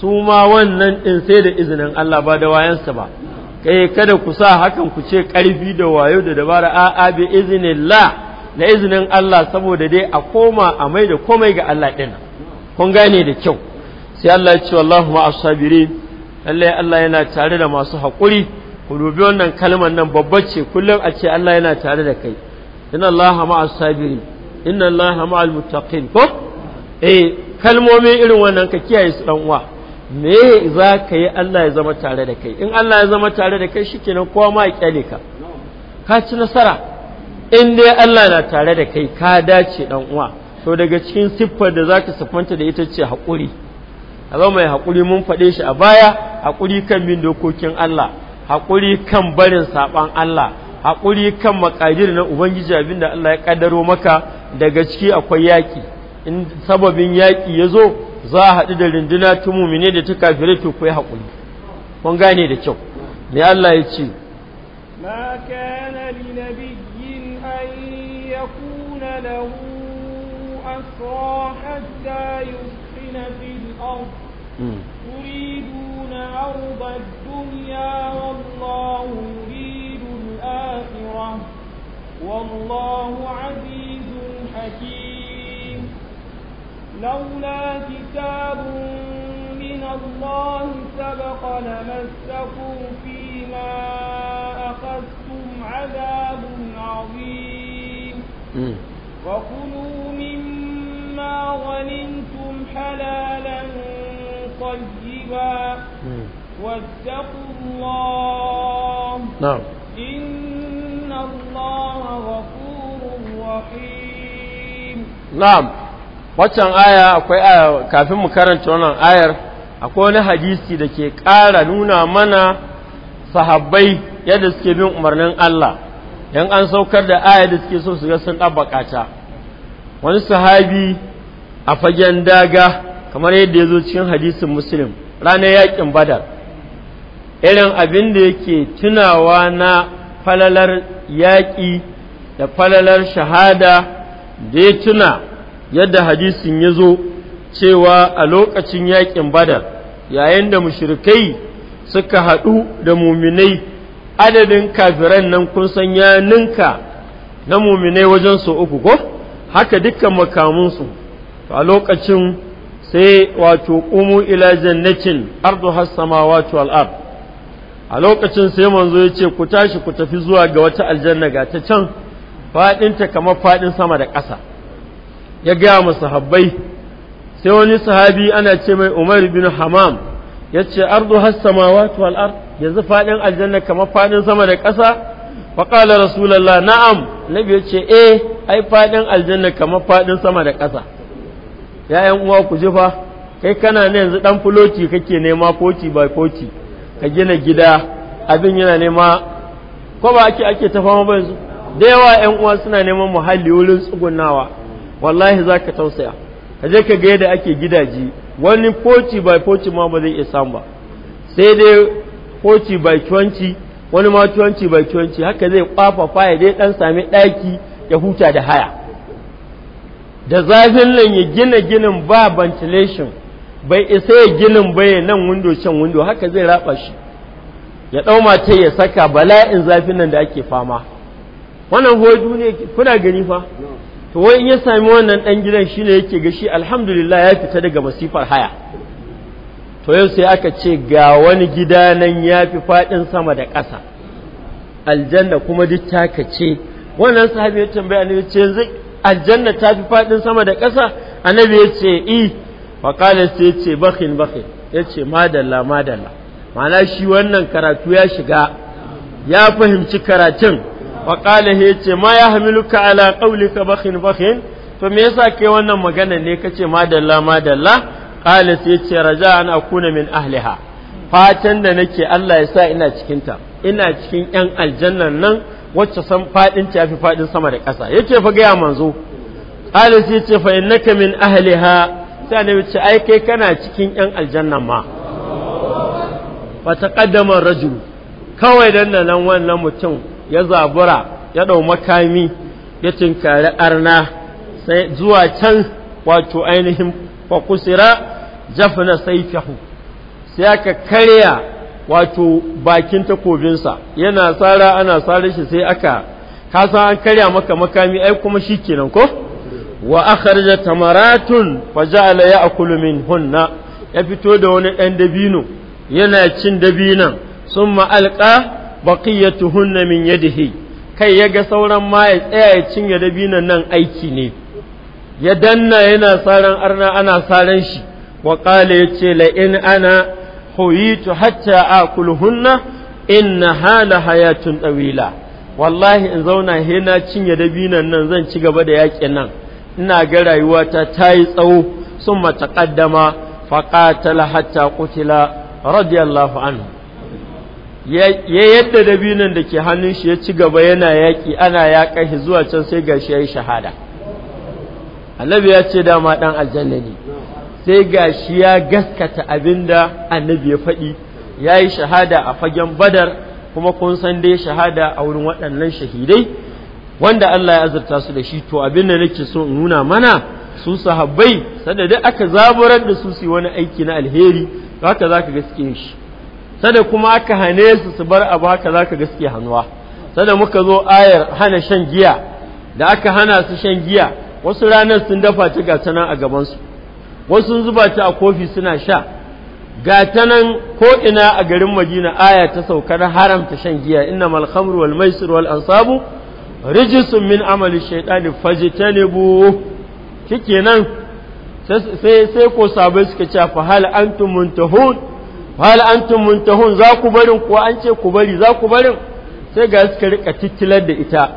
su ma wannan din sai da izinin Allah ba da wayansa ba kai kada ku sa hakan ku ce karfi da wayo da dabara a'a bi iznillah na izinin Allah saboda dai a koma a mai da komai ga Allah ɗin kun gane da kyau sai Allah ya ce wallahu ma asabirin sabirin lalle Allah yana tare da masu hakuri ku dubi wannan kalmar nan babba ce kullum a ce Allah yana tare da kai inna Allah ma asabirin sabirin inna Allah ma almuttaqin ko eh kalmomi irin wannan ka kiyaye su dan uwa me za ka yi Allah ya zama tare da kai in Allah ya zama tare da kai shikenan kowa ma ya kyale ka ka ci nasara in dai Allah na tare da kai ka dace dan uwa to daga cikin siffar da zaka siffanta da ita ce haƙuri a zama mai haƙuri mun faɗe shi a baya haƙuri kan bin dokokin Allah haƙuri kan barin saɓan Allah haƙuri kan makajir na ubangiji abin da Allah ya ƙaddaro maka daga ciki akwai yaƙi in sababin yaƙi ya zo za a haɗu da rinduna ta mumine da ta kafirai to kai haƙuri kun gane da kyau me Allah ya ce ma kana nabiyyin an yakuna lahu asra hatta yusqina fil ardh يريدون عرض الدنيا والله يريد الآخرة والله عزيز حكيم لولا كتاب من الله سبق لمسكم فيما أخذتم عذاب عظيم وكلوا مما غنمتم حلالا طيبا واتقوا الله نعم إن الله غفور رحيم نعم waccan aya akwai aya kafin mu karanta wannan ayar akwai wani hadisi da ke ƙara nuna mana sahabbai yadda suke bin umarnin Allah yan an saukar da aya da suke so su ga sun ɗabbaƙa ta wani sahabi a fagen daga kamar yadda ya zo cikin hadisin muslim ranar yakin badar irin abin da yake tunawa na falalar yaƙi da falalar shahada da ya tuna yadda hadisin ya zo cewa a lokacin yaƙin badar yayin da mushrikai suka haɗu da muminai adadin kafiran nan kun san ya ninka na muminai wajen so uku ko haka dukkan makamunsu a lokacin sai wato ƙumu ila jannatin ardu hassama wato al'ar a lokacin sai manzo ya ce ku tashi ku tafi zuwa ga wata aljanna ga ta can faɗinta kamar faɗin sama da ƙasa ya gaya mu sahabai sai wani sahabi ana ce mai umar bin hamam ya ce ardu hassama wato al'ar yanzu faɗin aljanna kamar faɗin sama da ƙasa faƙalar rasulallah na'am nabi ya ce eh ai faɗin aljanna kamar faɗin sama da ƙasa ya uwa ku ji fa kai kana ne yanzu ɗan fuloci kake nema foti by foti ka gina gida abin yana nema ko ba ake ake ta fama ba yanzu da yawa yan uwa suna neman muhalli wurin tsugunawa wallahi za ka tausaya ka je ka ga yadda ake gidaje wani foti by foti ma ba zai iya samu ba sai dai koci by cuwanci wani ma cuwanci by 20 haka zai kwafafa ya dai ɗan sami ɗaki ya huta da haya da zafin nan ya gina ginin ba ventilation bai isa ya ginin bai nan windo can windo haka zai raba shi ya ɗau mata ya saka bala'in zafin nan da ake fama wannan hodu ne kuna gani fa to wai in ya sami wannan ɗan gidan shine yake ga shi alhamdulillah ya fita daga masifar haya to yau sai aka ce ga wani gida nan ya fi faɗin sama da ƙasa aljanna kuma duk taka ce wannan sahabi ya tambaya ne ya ce aljanna ta fi faɗin sama da ƙasa annabi ya ce i faƙalar sai ce bakin bakin ya ce madalla madalla mana shi wannan karatu ya shiga ya fahimci karatun faƙalar ya ce ma ya ka ala ƙaulika bakin bakin to me yasa kai wannan magana ne ka kace madalla madalla qala sai ce raja an akuna min ahliha fatan da nake Allah ya sa ina cikinta. ina cikin ƴan aljannan nan wacce san fadin ta fi fadin sama da ƙasa yace fa gaya manzo qala sai yace fa innaka min ahliha sai ne yace ai kai kana cikin yan aljanna ma fa taqaddama rajul kawai dan nan wannan mutum ya zabura ya dau makami ya tinkari arna sai zuwa can wato ainihin fa kusira jafna sayfahu sai aka karya wato bakin takobinsa yana tsara ana tsara shi sai aka kasa an karya maka makami ai kuma shi kenan ko wa akharja tamaratun ja'ala ya'kulu hunna ya fito da wani dan dabino yana cin dabinan summa alqa baqiyatuhunna min yadihi kai yaga sauran ma ya tsaya ya cinye dabinan nan aiki ne ya danna yana saran arna ana saran shi wa qala yace la in ana huyitu hatta akuluhunna inna hala hayatun ɗawila wallahi in zauna he na cinye dabinan nan zan ci gaba da yaƙin nan ina ga rayuwata ta yi tsawo sun mataƙaddama faƙatala hatta kutila radiyallahu anhu ya yadda dabinan da ke hannun shi ya ci gaba yana yaƙi ana yaƙa zuwa can sai gashi ya yi shahada annabi ya ce dama ɗan aljanna ne sai ga shi ya gaskata abinda annabi ya faɗi ya yi shahada a fagen badar kuma kun san dai shahada a wurin waɗannan shahidai wanda Allah ya azurta su da shi to abin da nake so in nuna mana su sahabbai sada da aka zaburar da su su wani aiki na alheri haka zaka ka gaske shi sada kuma aka hane su su bar abu haka zaka ga gaske hannuwa sada muka zo ayar hana shan giya da aka hana su shan giya wasu ranar sun dafa ta gata nan a gabansu wasu sun zuba ta a kofi suna sha ga ta nan ko'ina a garin madina aya ta saukar haramta shan giya inna malhamru wal maisir wal ansabu rijisun min amali shaidani fajitanibu shikenan sai sai ko sabai suka ce fa hal antum muntahun hal antum muntahun za ku barin ko an ce ku bari za ku barin sai ga suka rika titilar da ita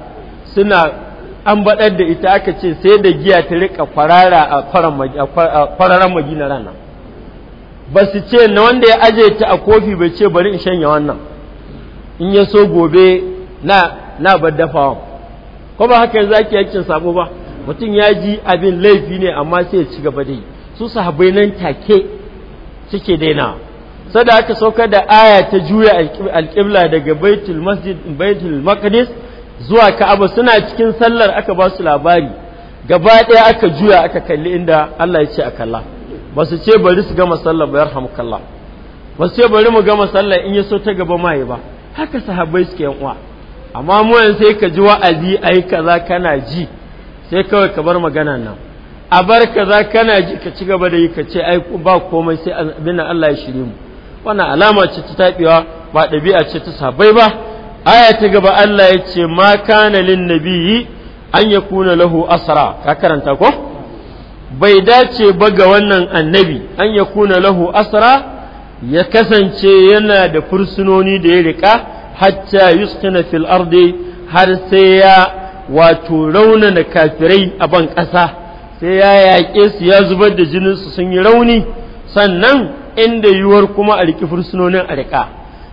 suna an baɗar da ita aka ce sai da giya ta riƙa kwarara a kwararren magina rana ba su ce na wanda ya aje ta a kofi bai ce bari in shanya wannan in ya so gobe na na bar dafawa ko ba haka yanzu zaki yakin sabo ba mutum ya ji abin laifi ne amma sai ya ci gaba da yi su sahabbai nan take suke daina sada aka saukar da aya ta juya alƙibla daga baitul masjid baitul maqdis zuwa ka'aba suna cikin sallar aka ba su labari gaba ɗaya aka juya aka kalli inda Allah ya ce a kalla ba su ce bari su gama sallar bayar kalla. ba su ce bari mu gama sallar in ya so ta gaba maye ba haka sahabbai suke yan uwa amma mu sai ka ji wa'azi ai kaza kana ji sai kawai ka bar magana nan a bar kaza kana ji ka ci gaba da yi ka ce ai ba komai sai abin Allah ya shirye mu wannan alama ce ta tabewa ba ɗabi'a ce ta sahabai ba aya ta gaba Allah ya ce ma kana lin nabiyyi an ya kuna lahu asra ka karanta ko bai dace ba ga wannan annabi an ya kuna lahu asra ya kasance yana da fursunoni da ya riƙa hatta yuskina fil ardi har sai ya wato raunana kafirai a ban ƙasa sai ya yaƙe su ya zubar da jininsu sun yi rauni sannan inda yiwuwar kuma a riƙi fursunonin a riƙa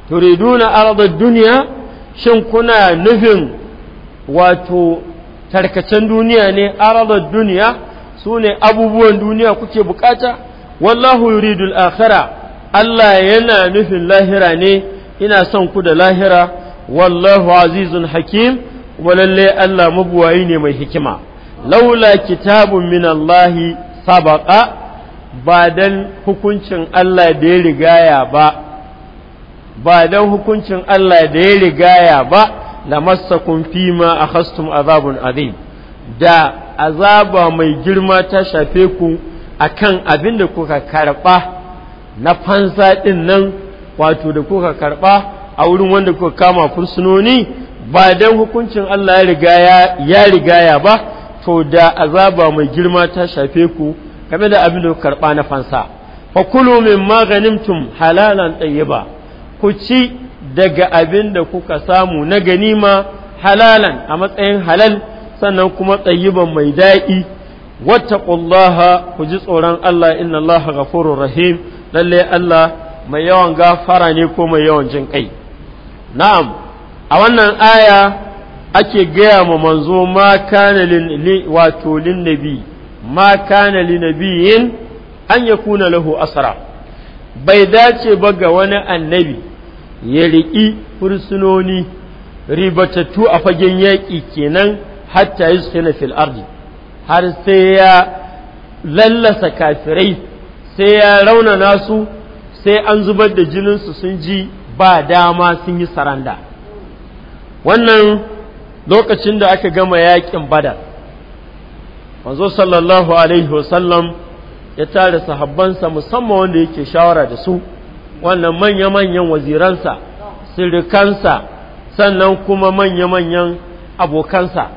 turiduna arda duniya shin kuna nufin wato tarkacen duniya ne aradar duniya su ne abubuwan duniya kuke bukata wallahu yuridul akhira Allah yana nufin lahira ne ina son ku da lahira wallahu azizun hakim walalle Allah mabuwayi ne mai hikima laula kitabun min Allah sabaqa ba dan hukuncin Allah da ya rigaya ba ba dan hukuncin Allah da ya rigaya ba la lamassakum fima akhastum azabun azim da azaba mai girma ta shafe ku akan abin da kuka karba na fansa din nan wato da kuka karba a wurin wanda kuka kama fursunoni ba don hukuncin Allah ya rigaya ba to da azaba mai girma ta shafe ku game da abin da kuka karba na fansa fa kulu min ma ganimtum halalan tayyiba ku ci daga abin da kuka samu na ganima halalan a matsayin halal sannan kuma tsayiban mai daɗi wattaqullaha ku ji tsoron Allah inna Allah ghafurur rahim lalle Allah mai yawan gafara ne ko mai yawan jin kai na'am a wannan aya ake gaya ma manzo ma kana lin wato lin nabi ma kana lin nabiyin an yakuna lahu asra bai dace ba ga wani annabi ya riƙi fursunoni ribatattu a fagen yaƙi kenan hatta yi suke fil ardi har sai ya lallasa kafirai sai ya raunana su sai an zubar da jininsu sun ji ba dama sun yi saranda wannan lokacin da aka gama yaƙin badar manzo sallallahu alaihi wasallam ya tare sahabbansa musamman wanda yake shawara da su wannan manya-manyan waziransa sirikansa sannan kuma manya-manyan abokansa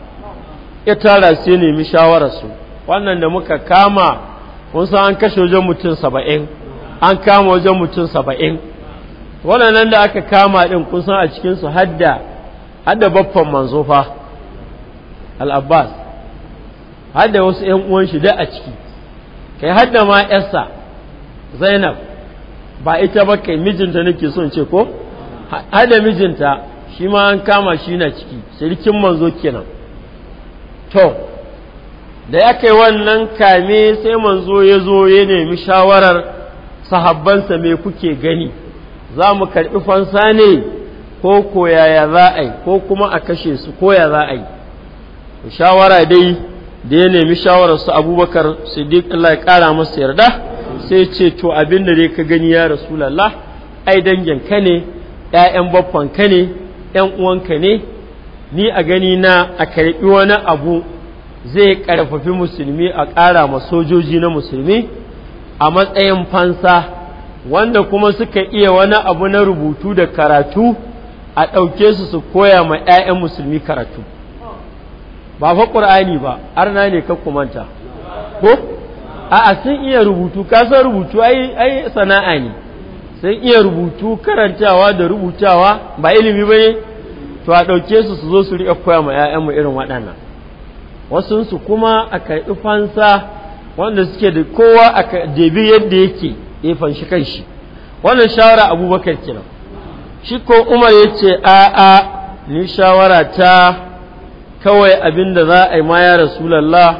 ya tara ne ya shawararsu wannan da muka kama san an kashe wajen mutum saba'in an kama wajen mutum saba'in waɗannan da aka kama ɗin kusan a cikinsu hadda hadda manzo manzofa al'abbas hadda wasu ‘yan uwan shi da a ciki kai hadda ma ‘yarsa zainab ba ita ba kai mijinta nake son ce ko hada mijinta shi ma an kama shi na ciki sirkin manzo kenan to da ya kai wannan kame sai manzo ya zo ya nemi shawarar sahabbansa me kuke gani za mu karɓi fansa ne ko koyaya za a yi ko kuma a kashe su koya za a yi shawara dai da ya nemi su abubakar siddiq Allah ya ƙara masa yarda sai ce to abin da dai ka gani ya rasulallah ai dangin ka ne ‘ya'yan babban ka ne ‘yan uwanka ne ni a gani na a karɓi wani abu zai ƙarfafi musulmi a ƙara ma sojoji na musulmi a matsayin fansa wanda kuma suka iya wani abu na rubutu da karatu a ɗauke su su koya ma ‘ya'yan musulmi karatu ba fa ƙur'ani ba arna ne ka kumanta ko a sun iya rubutu kasar rubutu ai sana'a ne sun iya rubutu karantawa da rubutawa ba ilimi ba ne to a ɗauke su su zo su riƙa koya ma 'ya'yanmu irin waɗannan wasunsu kuma a karɓi fansa wanda suke da kowa a debi yadda yake ya fanshi kanshi wannan shawara abubakar kenan shi ko umar ya ce a'a ni shawara ta kawai abin da za a yi ma ya rasulallah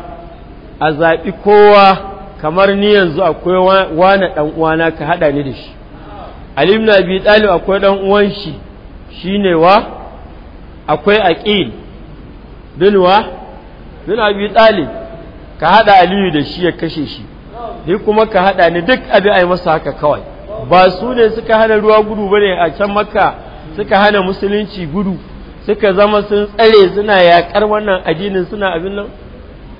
a zaɓi kowa kamar ni yanzu akwai wane ɗan uwana ka haɗa ni da shi alim na biyu ɗalib akwai ɗan uwan shi shi ne wa akwai aƙil bin wa bin abi ɗalib ka haɗa aliyu da shi ya kashe shi ni kuma ka haɗa ni duk abin a yi masa haka kawai ba su ne suka hana ruwa gudu ba ne a can maka suka hana musulunci gudu suka zama sun tsare suna yaƙar wannan addinin suna abin nan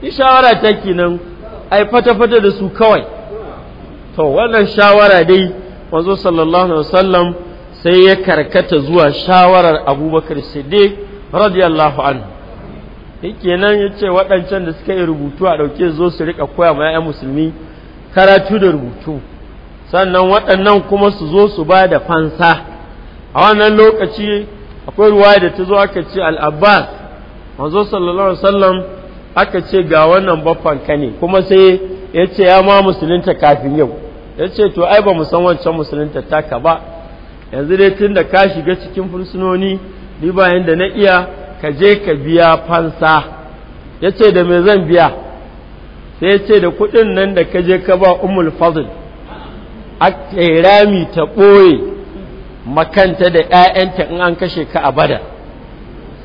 yi shawara ta kenan ai fata-fata da su kawai to wannan shawara dai manzo sallallahu alaihi wasallam sai ya karkata zuwa shawarar abubakar siddiq radiyallahu anhu kenan ya ce waɗancan da suka yi rubutu a ɗauke zo su riƙa koya ma 'ya'yan musulmi karatu da rubutu sannan waɗannan kuma su zo su ba da fansa a wannan lokaci akwai ruwa da ta zo aka ce al-abbas manzo sallallahu alaihi aka ce ga wannan baffan ka ne kuma sai ya ce ya ma musulunta kafin yau ya ce to ai ba mu san wancan musulunta taka ba yanzu dai tun da ka shiga cikin fursunoni ni bayan da na iya ka je ka biya fansa ya ce da me zan biya sai ya ce da kuɗin nan da ka je ka ba umul fadl a rami ta ɓoye makanta da ‘ya'yanta in an kashe ka a bada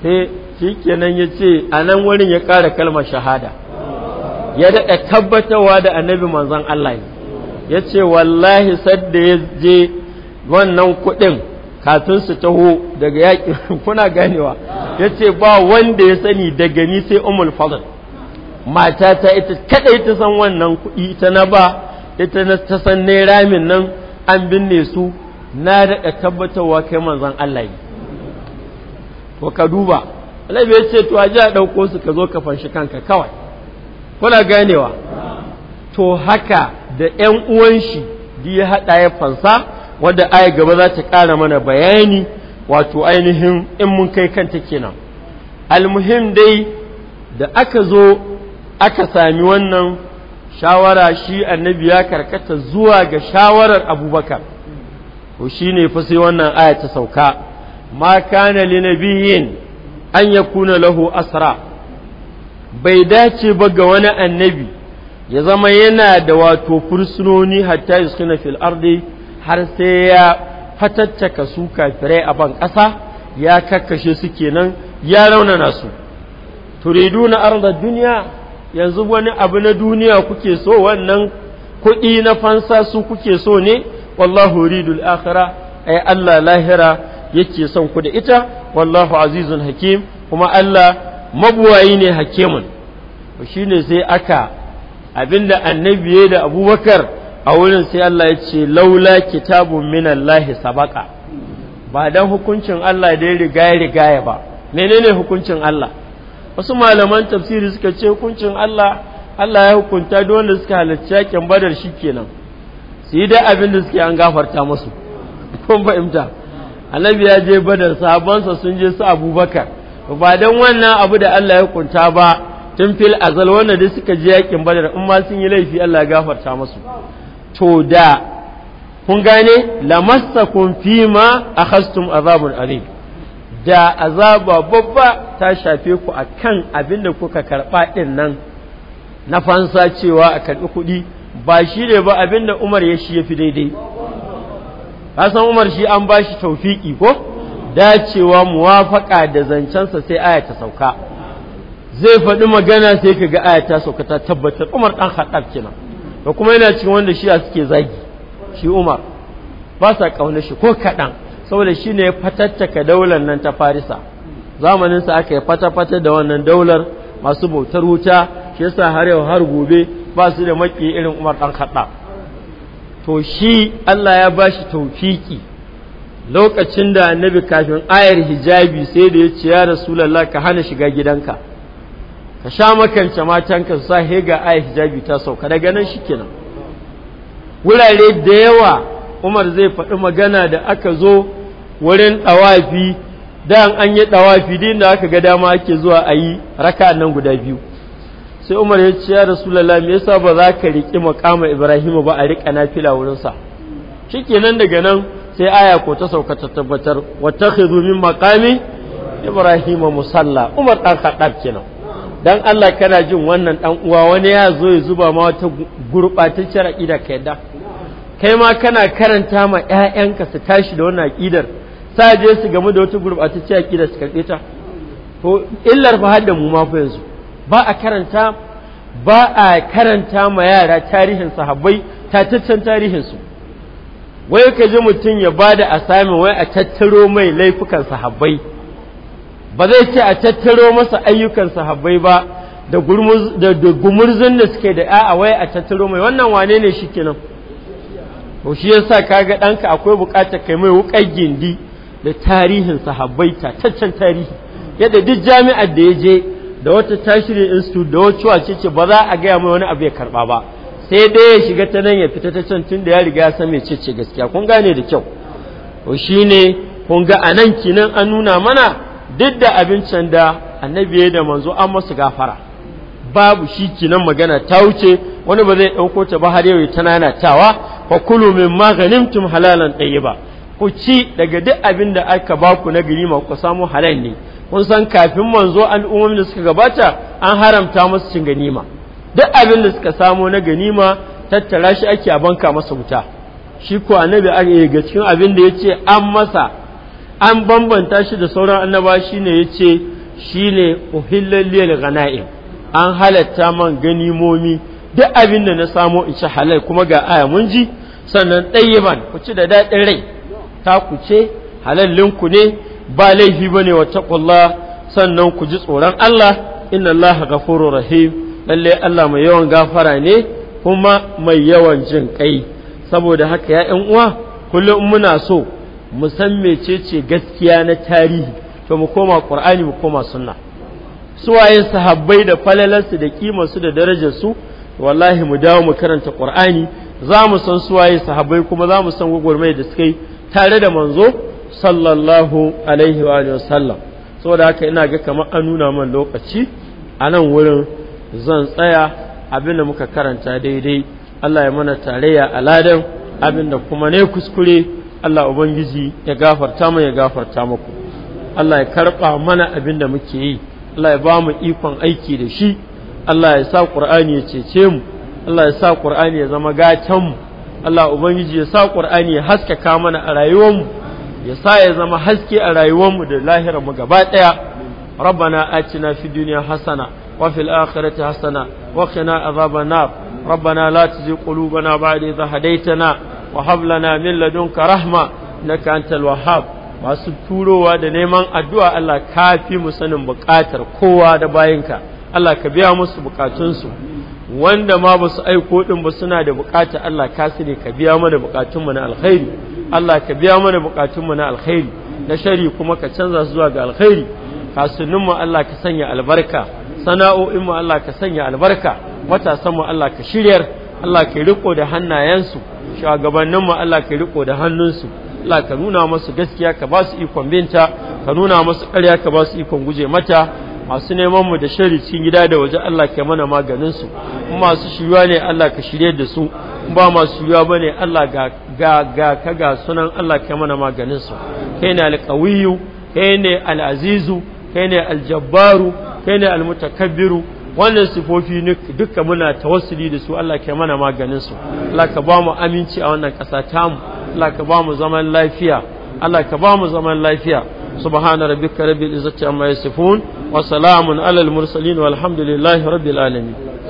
sai shi kenan ya ce a nan wurin ya ƙara kalmar shahada ya daɗa tabbatawa da annabi manzon Allah ne ya ce wallahi sadda ya je wannan kuɗin katun su taho daga yaƙin <laughs> kuna ganewa ya ce ba wanda ya sani daga ni sai umul fadl mata ta ita kaɗai ta san wannan kuɗi ita na ba ita ta san ne min nan an binne su na daɗa tabbatarwa kai manzan Allah yi to ka duba annabi ya ce to a jiya ɗauko su ka zo ka fanshi kanka kawai kuna ganewa to haka da ‘yan uwan shi da ya haɗa ya fansa wanda aya gaba za ta ƙara mana bayani wato ainihin in mun kai kanta kenan almuhim dai da aka zo aka sami wannan shawara shi annabi ya karkata zuwa ga shawarar abubakar to shi ne fasai wannan aya ta sauka ma kana nabiyin an ya kuna lahu asra bai dace ba ga wani annabi ya zama yana da wato fursunoni hatta yuskina fil ardi har sai ya fatattaka su kafirai a ban ƙasa ya kakkashe su kenan ya raunana su turiduna arda duniya yanzu wani abu na duniya kuke so wannan kuɗi na fansa su kuke so ne wallahu ridul akhirah ay Allah lahira yake son ku da ita wallahu azizun hakim kuma Allah mabuwayi ne hakimun shine sai aka abinda annabi ya da abubakar a wurin sai Allah ya ce laula kitabun minallahi sabaka ba dan hukuncin Allah da ya riga ya rigaya ba menene hukuncin Allah wasu malaman tafsiri suka ce hukuncin Allah Allah ya hukunta dole suka halarci yakin badar shikenan su yi dai abin da suke an gafarta musu <laughs> kun fahimta annabi ya je badar sabonsa sun je su abubakar ba don wannan abu da Allah ya kunta ba tun fil azal wanda dai suka je yakin badar in ma sun yi laifi Allah ya gafarta masu. to da kun gane lamassakum fima akhastum azabun alim da azaba babba ta shafe ku akan abin da kuka karba din nan na fansa cewa a karbi kuɗi ba shi ne ba abin da Umar ya shi ya fi daidai san Umar shi an ba shi taufiki ko dacewa muwafaka da zancensa sai aya ta sauka zai faɗi magana sai ka ga aya ta sauka ta tabbatar Umar ɗan haɗar kenan da kuma yana cikin wanda shi suke zagi shi Umar ba sa ƙaunar shi ko kaɗan saboda shi ne fatattaka daular nan ta Farisa zamaninsa aka yi fata-fata da wannan daular masu bautar wuta shi yasa har yau har gobe ba su da maki irin umar ɗan kaɗa to shi Allah ya ba shi taufiki lokacin da annabi kafin ayar hijabi sai da ya ce ya rasulallah ka hana shiga gidanka ka sha makance matanka su sa hega ayar hijabi ta sauka da ganin shi kenan wurare da yawa umar zai faɗi magana da aka zo wurin ɗawafi da an yi ɗawafi din da aka ga dama ake zuwa a yi raka nan guda biyu sai umar ya ce ya rasulallah me yasa ba za ka riƙi makama ibrahim ba a riƙa nafila wurin sa shikenan daga nan sai aya ko ta sauka ta tabbatar wa takhidhu min maqami ibrahim musalla umar dan kadar kenan dan Allah kana jin wannan dan uwa wani ya zo ya zuba ma wata gurbatacciyar aqida ka yadda kai ma kana karanta ma ƴaƴanka su tashi da wannan aqidar sa je su game da wata gurbatacciyar aqida su karbe ta to illar fa hadda mu ma fa yanzu ba a karanta ba a karanta ma yara tarihin sahabbai tataccen tarihinsu wai ka ji mutum ya bada da asamin wai a tattaro mai laifukan sahabbai ba zai ce a tattaro masa ayyukan sahabbai ba da gumurzun da suke da a'a wai a tattaro mai wannan wane ne shi kenan to shi yasa kaga ɗanka akwai buƙatar kai mai wuƙar gindi da tarihin sahabbai tataccen tarihi yadda duk jami'ar da ya je da wata tashiri institute da wacewa ce ba za a gaya mai wani abu ya karba ba sai dai ya shiga ta nan ya fita ta can tun da ya riga ya san mai ce gaskiya kun gane da kyau to shine kun ga anan kinan an nuna mana duk da abincin da annabi ya da manzo an masu gafara babu shi kinan magana ta wuce wani ba zai ɗauko ta ba har yau tana tawa fa kulu min maghanimtum halalan ba ku ci daga duk abin da aka baku na ma ku samu halal ne kun san kafin manzo al'ummomin da suka gabata an haramta musu cin ganima duk abin da suka samo na ganima tattara shi ake a banka masa wuta shi ko annabi a ga cikin abin da yace an masa an bambanta shi da sauran annaba shine yace shine uhillal lil ghanaim an halatta man ganimomi duk abin da na samo in ci halal kuma ga aya mun ji sannan ɗayyaban ku ci da daɗin rai ta ku ce halallinku ne ba laifi ba ne wa taqullah sannan ku ji tsoron Allah inna Allah ghafurur rahim lalle Allah mai yawan gafara ne kuma mai yawan jin kai saboda haka ya yan uwa kullum muna so mu san mecece gaskiya na tarihi to mu koma ƙur'ani mu koma sunna suwaye sahabbai da falalarsu da kimarsu da darajarsu wallahi mu dawo mu karanta ƙur'ani. za mu san suwaye sahabbai kuma za mu san gwagwarmai da suka yi tare da manzo sallallahu alaihi wa sallam saboda haka ina ga kamar an nuna man lokaci a nan wurin zan tsaya abin da muka karanta daidai Allah ya mana tarayya a ladan abin da kuma ne kuskure Allah ubangiji ya gafarta mu ya gafarta muku Allah ya karba mana abin da muke yi Allah ya ba mu ikon aiki da shi Allah ya sa Qur'ani ya cece mu Allah ya sa Qur'ani ya zama gatan mu Allah ubangiji ya sa Qur'ani ya haskaka mana a rayuwar mu ya sa ya zama haske a rayuwarmu da lahirarmu gaba ɗaya rabbana atina fi duniya hasana wa fil akhirati hasana wa qina azaban nar rabbana la tuzigh qulubana ba'da idh hadaytana wa hab lana min ladunka rahma na antal wahab masu turowa da neman addu'a Allah kafi mu sanin buƙatar kowa da bayinka Allah ka biya musu buƙatunsu wanda ma ba su aiko din ba suna da buƙatar Allah ka ne ka biya mana buƙatunmu na alkhairi Allah ka biya mana bukatunmu na alkhairi na shari kuma ka canza su zuwa ga alkhairi kasuninmu Allah ka sanya albarka sana'o'inmu Allah ka sanya albarka matasanmu Allah ka shiryar Allah ka riko da hannayensu shugabanninmu Allah ka riko da hannunsu Allah ka nuna masu gaskiya ka ba su ikon binta ka nuna masu ƙarya ka ba su ikon guje mata masu neman mu da shari cikin gida da waje Allah ka mana maganin su masu shiyuwa ne Allah ka shirye da su ba masu shiyuwa bane Allah ga ga ga ka ga sunan Allah kai mana maganin su kai ne alqawiyu kai ne alazizu kai ne aljabbaru kai ne almutakabbiru wannan sifofi duka muna tawassuli da su Allah kai mana maganin su Allah ka ba mu aminci a wannan ƙasa tamu Allah ka ba mu zaman lafiya Allah ka ba mu zaman lafiya subhana rabbika rabbil izzati amma yasifun wa salamun alal mursalin walhamdulillahi rabbil alamin